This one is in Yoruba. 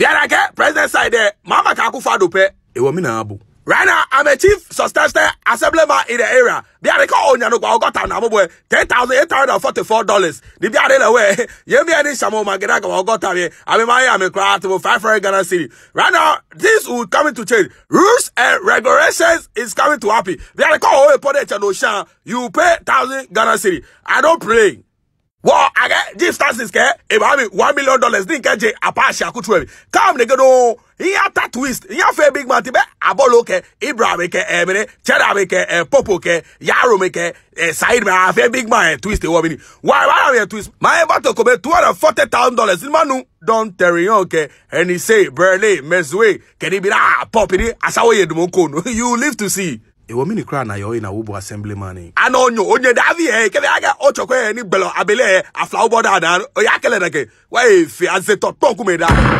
Diarake, president side there, Mama Kakufado pe, ewo mi na abo. Right now, I'm a chief substantial assemblyman in the area. Diarake Onyanogba Ogota na mobwe, $10,844. Di biare lewe, yemi ani shamo magiraga Ogota me, ame maye ame kwa atubo Five hundred Ghana City. Right now, this will coming to change. Rules and regulations is coming to happen. Diarake Owe Pode Chanoshan, you pay thousand Ghana City. I don't play kɛ gif stasis kɛ eba mi one million dollars ni nkɛ je apa ahyɛ akutu ɛbi kam ne gedo iya ta twist iya fɛ big man ti bɛ abɔlo kɛ ibrahim kɛ ɛmiri Popo, kɛ Yaro, kɛ yarom kɛ ɛsaid ma afɛ big man ɛ twist ɛwɔ bi ni wa ɛba na yɛ twist maa yɛ ba to ko bɛ two hundred forty thousand dollars ni ma nu don teriyan kɛ ɛni se berlin mesue kɛnibira pɔpi ni asawo yɛ dumo ko you live to see ewo mini kra na yo na wo assembly man ana onyo onye davi e ke aga ochokwe ni gbelo abele e, afla wo boda na o ya kele na ke wa e fi azeto tonku me da